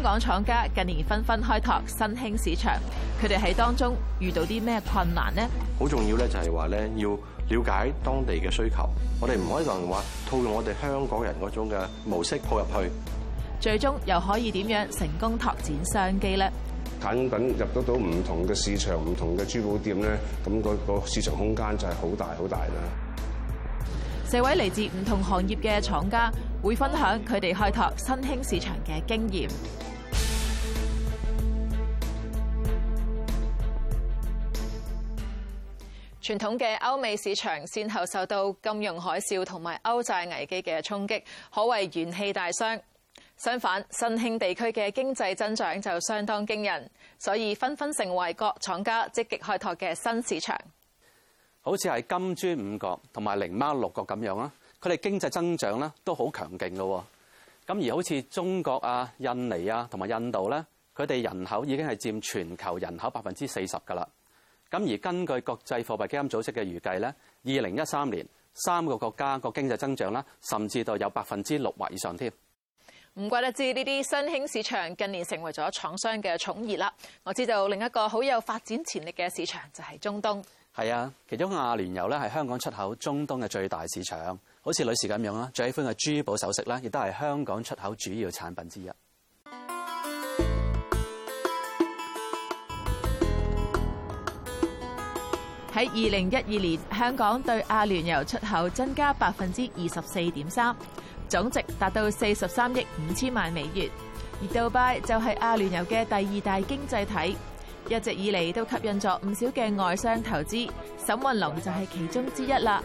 香港廠家近年紛紛開拓新興市場，佢哋喺當中遇到啲咩困難呢？好重要咧，就係話咧要了解當地嘅需求，我哋唔可以話套用我哋香港人嗰種嘅模式鋪入去。最終又可以點樣成功拓展商機咧？產品入得到唔同嘅市場、唔同嘅珠寶店咧，咁嗰個市場空間就係好大好大啦。四位嚟自唔同行業嘅廠家會分享佢哋開拓新興市場嘅經驗。傳統嘅歐美市場先後受到金融海嘯同埋歐債危機嘅衝擊，可謂元氣大傷。相反，新興地區嘅經濟增長就相當驚人，所以紛紛成為各廠家積極開拓嘅新市場。好似係金磚五國同埋靈貓六國咁樣啦，佢哋經濟增長咧都好強勁嘅。咁而好似中國啊、印尼啊同埋印度咧，佢哋人口已經係佔全球人口百分之四十噶啦。咁而根據國際貨幣基金組織嘅預計咧，二零一三年三個國家個經濟增長啦，甚至到有百分之六或以上添。唔怪得之呢啲新興市場近年成為咗廠商嘅寵熱啦。我知道另一個好有發展潛力嘅市場就係中東。係啊，其中阿聯酋咧係香港出口中東嘅最大市場。好似女士咁樣啦，最喜歡嘅珠寶首飾啦，亦都係香港出口主要產品之一。喺二零一二年，香港對阿聯酋出口增加百分之二十四點三，總值達到四十三億五千萬美元。而杜拜就係阿聯酋嘅第二大經濟體，一直以嚟都吸引咗唔少嘅外商投資。沈雲龍就係其中之一啦。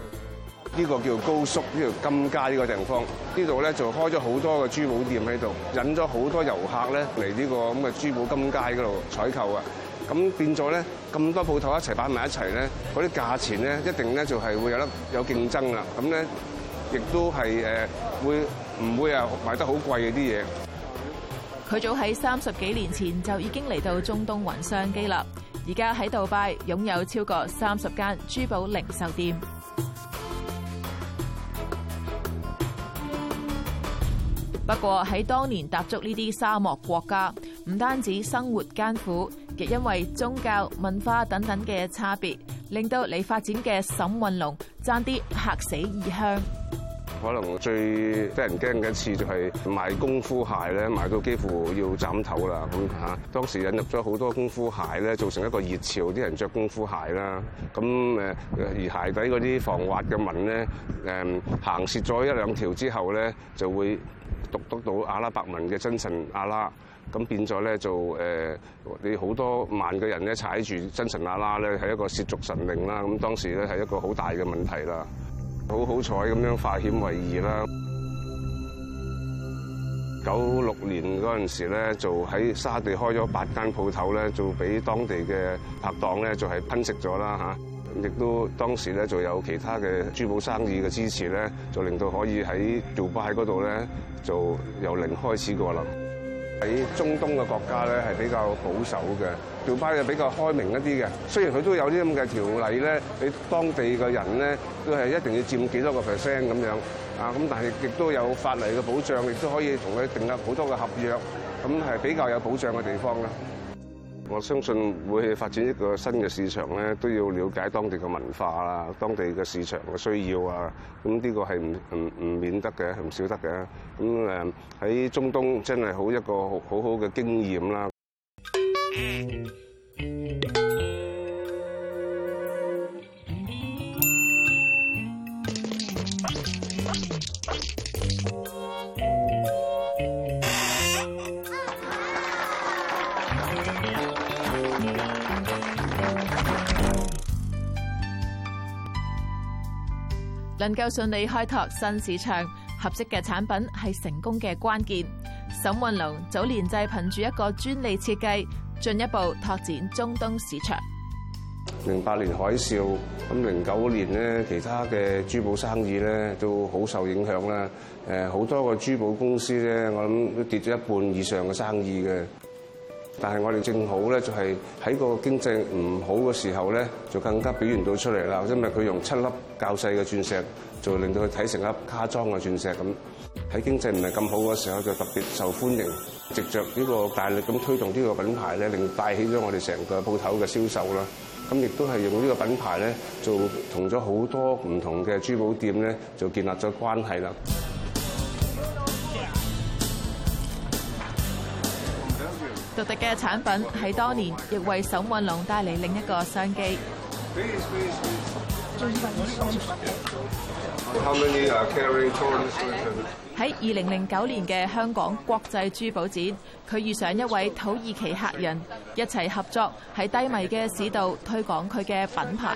呢、這個叫高速，呢、這、條、個、金街呢個地方，呢度咧就開咗好多嘅珠寶店喺度，引咗好多遊客咧嚟呢個咁嘅珠寶金街嗰度採購啊！咁變咗咧，咁多鋪頭一齊擺埋一齊咧，嗰啲價錢咧一定咧就係會有得有競爭啦。咁咧亦都係誒會唔會啊賣得好貴嘅啲嘢？佢早喺三十幾年前就已經嚟到中東雲商機啦。而家喺杜拜擁有超過三十間珠寶零售店。不過喺當年踏足呢啲沙漠國家，唔單止生活艱苦。亦因為宗教、文化等等嘅差別，令到你發展嘅沈運龍爭啲嚇死異鄉。可能最得人驚嘅一次就係賣功夫鞋咧，賣到幾乎要斬頭啦。咁、嗯、嚇、啊，當時引入咗好多功夫鞋咧，造成一個熱潮，啲人着功夫鞋啦。咁、啊、而鞋底嗰啲防滑嘅紋咧，行蝕咗一兩條之後咧，就會讀得到阿拉伯文嘅真神阿拉。咁變咗咧就誒、呃，你好多萬個人咧踩住真神阿拉，咧，係一個涉足神令啦。咁當時咧係一個好大嘅問題啦。好好彩咁樣化險為夷啦。九六年嗰陣時咧，就喺沙地開咗八間鋪頭咧，就俾當地嘅拍檔咧，就係吞食咗啦。亦都當時咧就有其他嘅珠寶生意嘅支持咧，就令到可以喺杜拜嗰度咧，就由零開始過啦。喺中東嘅國家咧，係比較保守嘅，迪拜就比較開明一啲嘅。雖然佢都有啲咁嘅條例咧，俾當地嘅人咧，都係一定要佔幾多個 percent 咁樣啊。咁但係亦都有法例嘅保障，亦都可以同佢定立好多嘅合約，咁係比較有保障嘅地方啦。我相信會去發展一個新嘅市場咧，都要了解當地嘅文化啊，當地嘅市場嘅需要啊，咁呢個係唔唔唔免得嘅，係唔少得嘅。咁誒喺中東真係好一個好好好好嘅經驗啦。能夠順利開拓新市場，合適嘅產品係成功嘅關鍵。沈運龍早年就係憑住一個專利設計，進一步拓展中東市場。零八年海嘯，咁零九年呢，其他嘅珠寶生意咧都好受影響啦。誒，好多個珠寶公司咧，我諗都跌咗一半以上嘅生意嘅。但係我哋正好咧，就係喺個經濟唔好嘅時候咧，就更加表現到出嚟啦。因為佢用七粒較細嘅鑽石，就令到佢睇成粒卡裝嘅鑽石咁。喺經濟唔係咁好嘅時候，就特別受歡迎。藉著呢個大力咁推動呢個品牌咧，令帶起咗我哋成個鋪頭嘅銷售啦。咁亦都係用呢個品牌咧，就同咗好多唔同嘅珠寶店咧，就建立咗關係啦。獨特嘅產品喺當年亦為沈運龍帶嚟另一個商機。喺二零零九年嘅香港國際珠寶展，佢遇上一位土耳其客人，一齊合作喺低迷嘅市道推廣佢嘅品牌。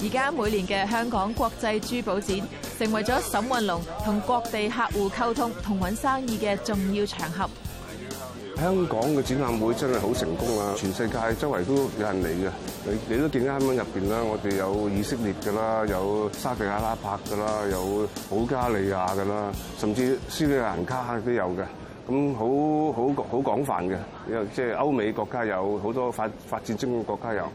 而家每年嘅香港國際珠寶展，成為咗沈雲龍同各地客戶溝通、同搵生意嘅重要場合。香港嘅展覽會真係好成功啊！全世界周圍都有人嚟嘅，你你都見到喺入邊啦，我哋有以色列㗎啦，有沙特阿拉伯㗎啦，有保加利亞㗎啦，甚至斯里蘭卡都有嘅。咁好好好廣泛嘅，又即係歐美國家有，好多發發展中嘅國家有。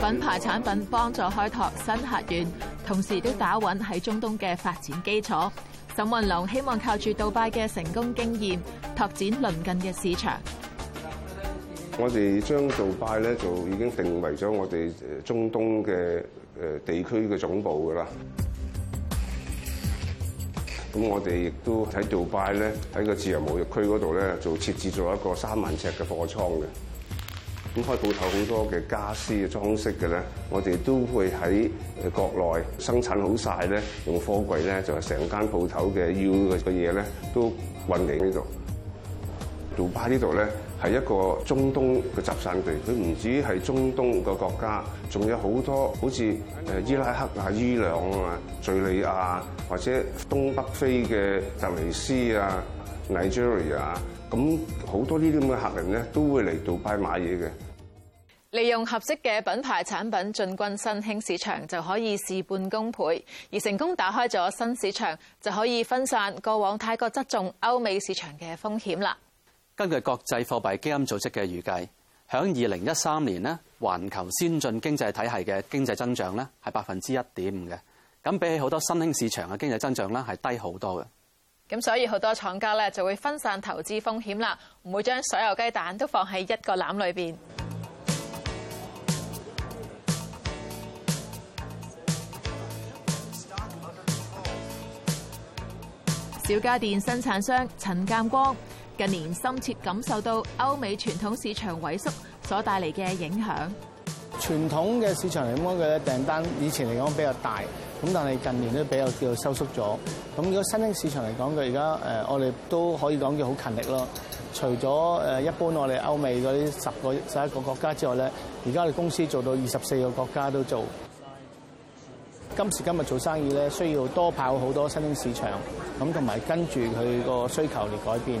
品牌產品幫助開拓新客源，同時都打穩喺中東嘅發展基礎。沈雲龍希望靠住杜拜嘅成功經驗，拓展鄰近嘅市場。我哋將杜拜咧就已經定為咗我哋中東嘅誒地區嘅總部㗎喇。咁我哋亦都喺杜拜咧，喺個自由貿易區嗰度咧，就設置咗一個三萬呎嘅貨倉嘅。咁開鋪頭好多嘅家私嘅裝飾嘅咧，我哋都會喺國內生產好晒咧，用貨櫃咧就係、是、成間鋪頭嘅要嘅嘢咧都運嚟呢度。杜拜呢度咧，係一個中東嘅集散地，佢唔止係中東嘅國家，仲有好多好似誒伊拉克啊、伊朗啊、敍利亞或者東北非嘅特尼斯啊、尼日利亞咁好多呢啲咁嘅客人咧，都會嚟杜拜買嘢嘅。利用合適嘅品牌產品進軍新興市場就可以事半功倍，而成功打開咗新市場就可以分散過往泰國側重歐美市場嘅風險啦。根據國際貨幣基金組織嘅預計，響二零一三年咧，環球先進經濟體系嘅經濟增長咧係百分之一點五嘅，咁比起好多新興市場嘅經濟增長咧係低好多嘅。咁所以好多廠家咧就會分散投資風險啦，唔會將所有雞蛋都放喺一個籃裏面。小家電生產商陳鑑光。近年深切感受到歐美傳統市場萎縮所帶嚟嘅影響。傳統嘅市場嚟講嘅咧，訂單以前嚟講比較大，咁但係近年都比較叫收縮咗。咁如果新興市場嚟講佢而家誒我哋都可以講叫好勤力咯。除咗誒一般我哋歐美嗰啲十個十一個國家之外咧，而家我哋公司做到二十四個國家都做。今時今日做生意咧，需要多跑好多新興市場，咁同埋跟住佢個需求嚟改變。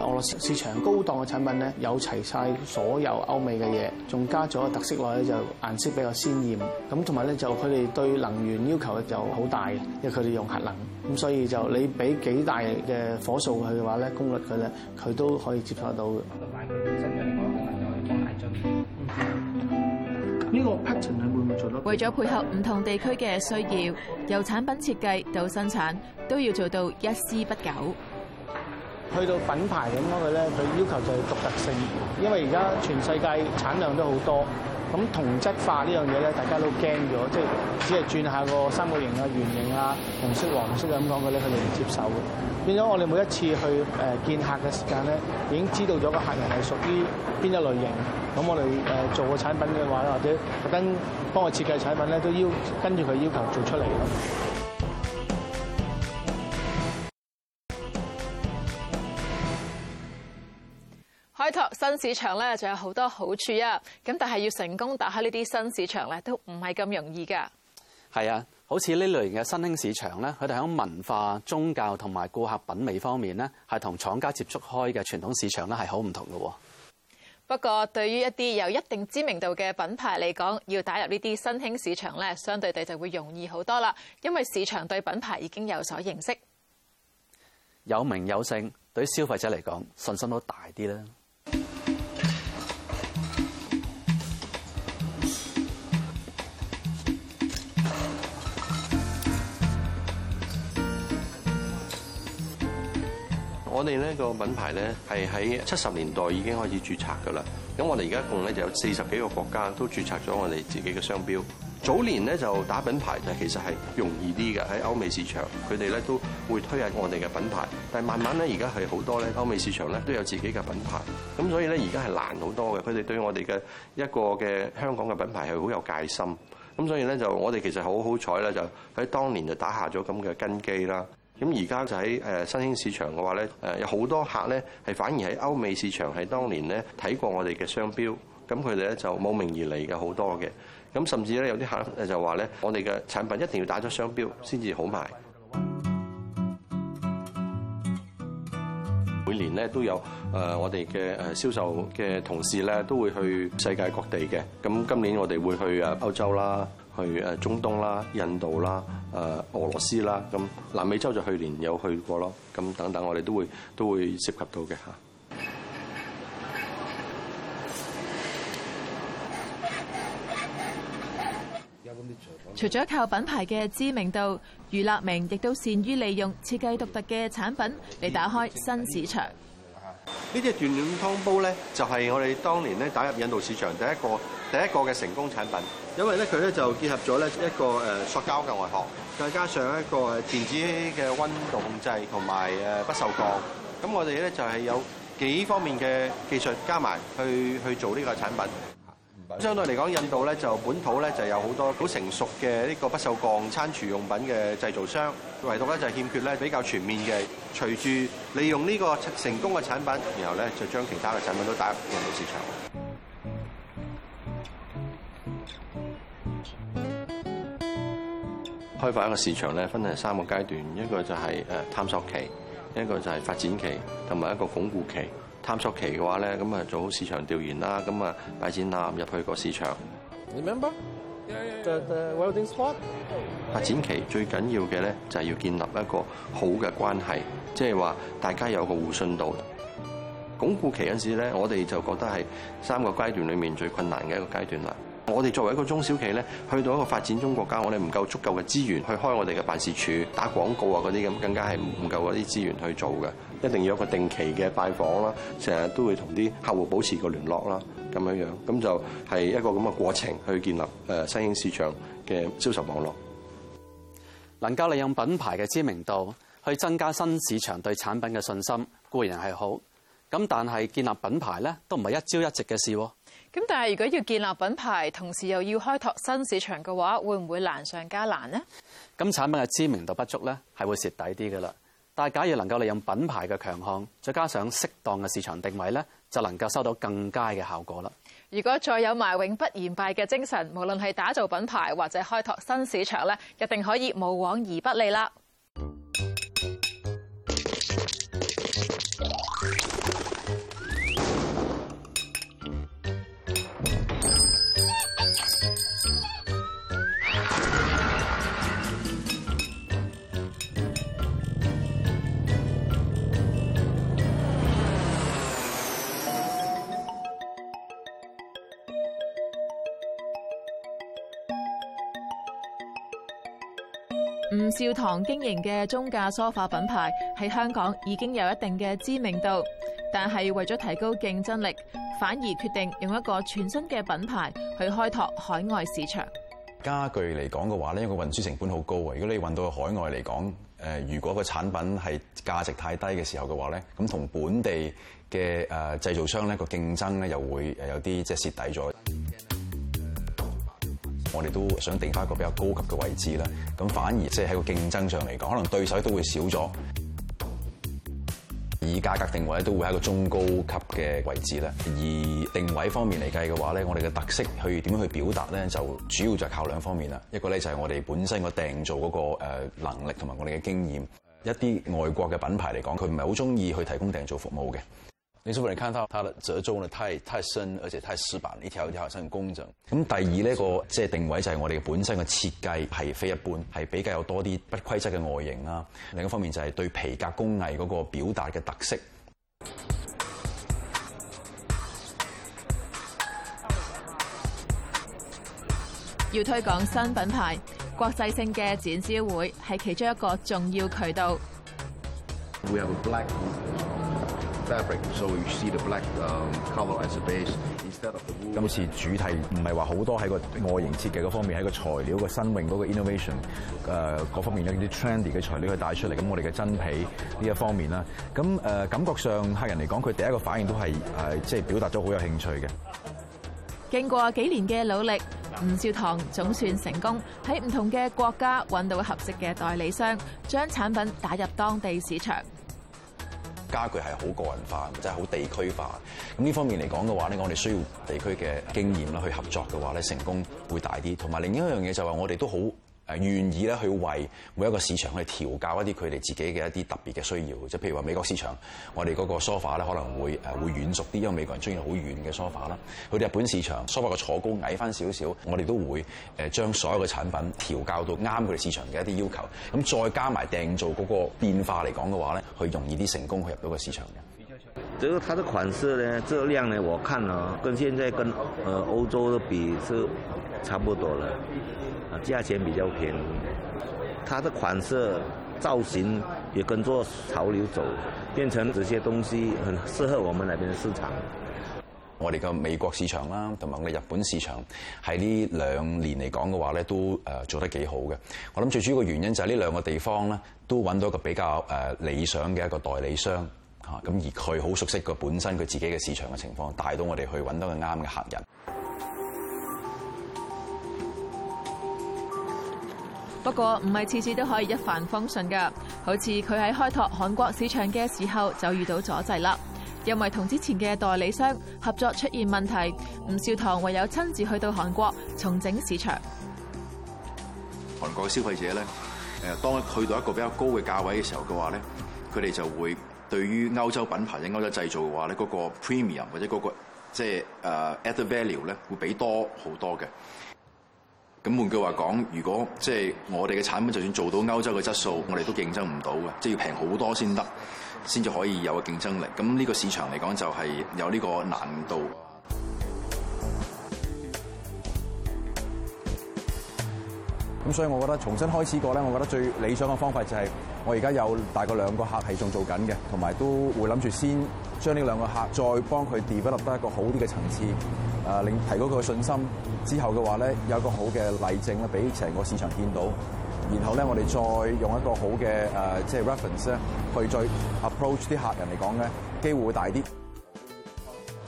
俄羅斯市場高檔嘅產品咧，有齊晒所有歐美嘅嘢，仲加咗特色落去，就顏色比較鮮豔。咁同埋咧，就佢哋對能源要求就好大，因為佢哋用核能，咁所以就你俾幾大嘅火數佢嘅話咧，功率佢咧，佢都可以接受到嘅。呢個 pattern 係會唔會做咯？為咗配合唔同地區嘅需要，由產品設計到生產都要做到一絲不苟。去到品牌咁講嘅咧，佢要求就係獨特性，因為而家全世界產量都好多，咁同質化呢樣嘢咧，大家都驚咗，即係只係轉下個三角形啊、圓形啊、紅色、黃色咁講嘅咧，佢哋唔接受嘅。變咗我哋每一次去誒見客嘅時間咧，已經知道咗個客人係屬於邊一類型，咁我哋誒做個產品嘅話咧，或者特登幫我設計產品咧，都要跟住佢要求做出嚟。市場咧就有好多好處啊！咁但係要成功打開呢啲新市場咧，都唔係咁容易噶。係啊，好似呢類型嘅新興市場咧，佢哋喺文化、宗教同埋顧客品味方面咧，係同廠家接觸開嘅傳統市場咧係好唔同噶喎。不過對於一啲有一定知名度嘅品牌嚟講，要打入呢啲新興市場咧，相對地就會容易好多啦。因為市場對品牌已經有所認識，有名有姓，對消費者嚟講信心都大啲啦。我哋呢個品牌呢，係喺七十年代已經開始註冊㗎喇。咁我哋而家共呢，就有四十幾個國家都註冊咗我哋自己嘅商標。早年呢，就打品牌就其實係容易啲嘅喺歐美市場，佢哋呢都會推介我哋嘅品牌。但係慢慢呢，而家係好多呢，歐美市場呢都有自己嘅品牌。咁所以呢，而家係難好多嘅，佢哋對我哋嘅一個嘅香港嘅品牌係好有戒心。咁所以呢，就我哋其實好好彩啦，就喺當年就打下咗咁嘅根基啦。咁而家就喺誒新興市場嘅話咧，誒有好多客咧係反而喺歐美市場係當年咧睇過我哋嘅商標，咁佢哋咧就慕名而嚟嘅好多嘅，咁甚至咧有啲客就話咧，我哋嘅產品一定要打咗商標先至好賣。每年咧都有，誒我哋嘅誒銷售嘅同事咧都會去世界各地嘅，咁今年我哋會去誒歐洲啦，去誒中東啦、印度啦、誒俄羅斯啦，咁南美洲就去年有去過咯，咁等等我哋都會都會涉及到嘅嚇。除咗靠品牌的知名度，余立明亦都善於利用設計獨特的產品，嚟打開新市場。呢隻電暖湯煲呢，就係我哋當年打入印度市場第一個，第一個的成功產品，因為佢就結合咗一個塑膠的外殼，再加上一個電子的溫度控制同埋不鏽鋼。咁我哋呢，就係有幾方面的技術加埋去去做這個產品。相對嚟講，印度咧就本土咧就有好多好成熟嘅呢個不鏽鋼餐廚用品嘅製造商，唯獨咧就係欠缺咧比較全面嘅。隨住利用呢個成功嘅產品，然後咧就將其他嘅產品都打入印度市場。開發一個市場咧，分係三個階段，一個就係誒探索期，一個就係發展期，同埋一個鞏固期。探索期嘅話咧，咁啊做好市場調研啦，咁啊擺展覽入去個市場 Remember? Yeah, yeah, yeah. The, the welding spot？發展期最緊要嘅咧，就係要建立一個好嘅關係，即係話、就是、大家有個互信度。鞏固期嗰陣時咧，我哋就覺得係三個階段裏面最困難嘅一個階段啦。我哋作為一個中小企咧，去到一個發展中國家，我哋唔夠足夠嘅資源去開我哋嘅辦事處、打廣告啊嗰啲咁，更加係唔夠嗰啲資源去做嘅。一定要有一個定期嘅拜訪啦，成日都會同啲客戶保持個聯絡啦，咁樣樣，咁就係一個咁嘅過程去建立新興市場嘅銷售網絡。能夠利用品牌嘅知名度去增加新市場對產品嘅信心固然係好，咁但係建立品牌咧都唔係一朝一夕嘅事喎。咁但係如果要建立品牌，同時又要開拓新市場嘅話，會唔會難上加難呢？咁產品嘅知名度不足咧，係會蝕底啲噶啦。但係假如能夠利用品牌嘅強項，再加上適當嘅市場定位咧，就能夠收到更佳嘅效果啦。如果再有埋永不言敗嘅精神，無論係打造品牌或者開拓新市場咧，一定可以無往而不利啦。吳少棠經營嘅中價梳化品牌喺香港已經有一定嘅知名度，但係為咗提高競爭力，反而決定用一個全新嘅品牌去開拓海外市場。家具嚟講嘅話咧，個運輸成本好高啊！如果你運到去海外嚟講，誒，如果個產品係價值太低嘅時候嘅話咧，咁同本地嘅誒製造商咧個競爭咧又會誒有啲即係蝕底咗。我哋都想定翻一個比較高級嘅位置啦，咁反而即係喺個競爭上嚟講，可能對手都會少咗，以價格定位咧都會係一個中高級嘅位置啦，而定位方面嚟計嘅話咧，我哋嘅特色去點樣去表達咧，就主要就係靠兩方面啦。一個咧就係我哋本身個訂做嗰個誒能力同埋我哋嘅經驗，一啲外國嘅品牌嚟講，佢唔係好中意去提供訂做服務嘅。你是否看到它的褶皺呢？太太深，而且太死板，一條一條，好像工整。咁第二呢、呢個即係定位就係我哋本身嘅設計係非一般，係比較有多啲不規則嘅外形啦。另一方面就係對皮革工藝嗰個表達嘅特色。要推廣新品牌，國際性嘅展銷會係其中一個重要渠道。We 今次主題唔係話好多喺個外形設計嗰方面，喺個材料個新穎嗰個 innovation 誒方面有啲 trendy 嘅材料去帶出嚟。咁我哋嘅真皮呢一方面啦，咁誒感覺上客人嚟講，佢第一個反應都係誒即係表達咗好有興趣嘅。經過幾年嘅努力，吳兆棠總算成功喺唔同嘅國家揾到合適嘅代理商，將產品打入當地市場。家具係好個人化，即係好地區化。咁呢方面嚟講嘅話，咧，我哋需要地區嘅經驗啦，去合作嘅話，咧，成功會大啲。同埋另一樣嘢就係我哋都好。誒願意咧去為每一個市場去調教一啲佢哋自己嘅一啲特別嘅需要，就譬如話美國市場，我哋嗰個梳化咧可能會誒會軟熟啲，因為美國人中意好軟嘅梳化啦。去到日本市場，梳化嘅坐高矮翻少少，我哋都會誒將所有嘅產品調教到啱佢哋市場嘅一啲要求。咁再加埋訂造嗰個變化嚟講嘅話咧，去容易啲成功去入到個市場嘅。這個它的款式咧，質量咧，我看啊，跟現在跟，呃，歐洲的比是，差不多啦，啊，價錢比較便宜，它的款式，造型，也跟着潮流走，變成這些東西很適合我們那邊的市場。我哋嘅美國市場啦，同埋我哋日本市場，喺呢兩年嚟講嘅話咧，都誒做得幾好嘅。我諗最主要嘅原因就係呢兩個地方咧，都揾到一個比較誒理想嘅一個代理商。吓，咁而佢好熟悉佢本身佢自己嘅市場嘅情況，帶到我哋去揾到個啱嘅客人。不過唔係次次都可以一帆風順噶，好似佢喺開拓韓國市場嘅時候就遇到阻滯啦，因為同之前嘅代理商合作出現問題，吳少棠唯有親自去到韓國重整市場。韓國消費者咧，誒，當佢去到一個比較高嘅價位嘅時候嘅話咧，佢哋就會。對於歐洲品牌、嘅歐洲製造嘅話咧，嗰、那個 premium 或者嗰、那個即係誒 at the value 咧，會比多好多嘅。咁換句話講，如果即係、就是、我哋嘅產品就算做到歐洲嘅質素，我哋都競爭唔到嘅，即、就、係、是、要平好多先得，先至可以有個競爭力。咁呢個市場嚟講，就係有呢個難度。咁所以，我覺得重新開始過咧，我覺得最理想嘅方法就係我而家有大概兩個客係仲做緊嘅，同埋都會諗住先將呢兩個客再幫佢 develop 得一個好啲嘅層次，誒、呃、令提高佢嘅信心。之後嘅話咧，有一個好嘅例證咧，俾成個市場見到。然後咧，我哋再用一個好嘅誒，即、呃、係、就是、reference 咧，去再 approach 啲客人嚟講咧，機會會大啲。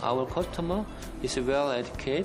Our customer is well educated.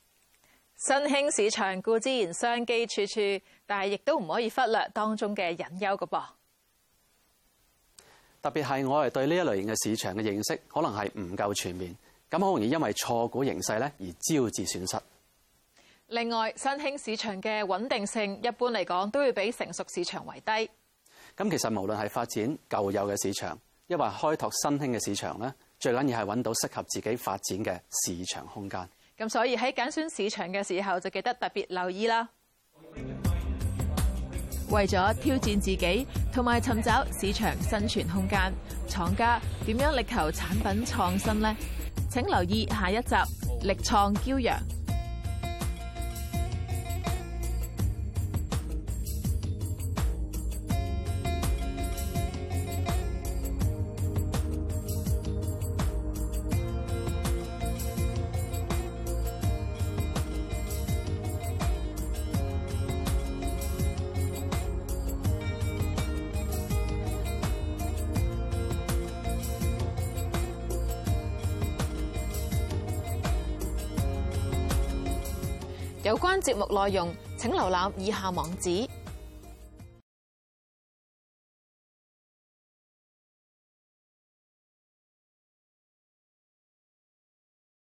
新興市場固然商機處處，但係亦都唔可以忽略當中嘅隱憂噶噃。特別係我哋對呢一類型嘅市場嘅認識可能係唔夠全面，咁好容易因為錯估形勢咧而招致損失。另外，新興市場嘅穩定性一般嚟講都要比成熟市場為低。咁其實無論係發展舊有嘅市場，亦或開拓新興嘅市場咧，最緊要係揾到適合自己發展嘅市場空間。咁所以喺揀選市場嘅時候就記得特別留意啦。為咗挑戰自己同埋尋找市場生存空間，廠家點樣力求產品創新呢？請留意下一集《力創驕陽》。有關節目內容，請瀏覽以下網址。